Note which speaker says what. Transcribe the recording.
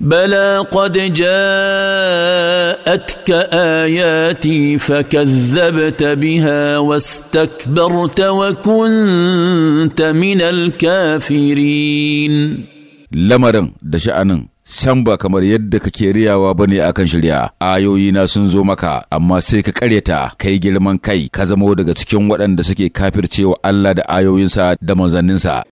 Speaker 1: بلى قد جاءتك اياتي فكذبت بها واستكبرت وكنت من الكافرين
Speaker 2: لمرن da sha'anin san ba kamar yadda kake riyawa bane akan shirya ayoyina sun zo maka amma sai ka karyata kai girman kai ka zamo daga cikin waɗanda suke kafircewa Allah da ayoyinsa
Speaker 3: da manzanninsa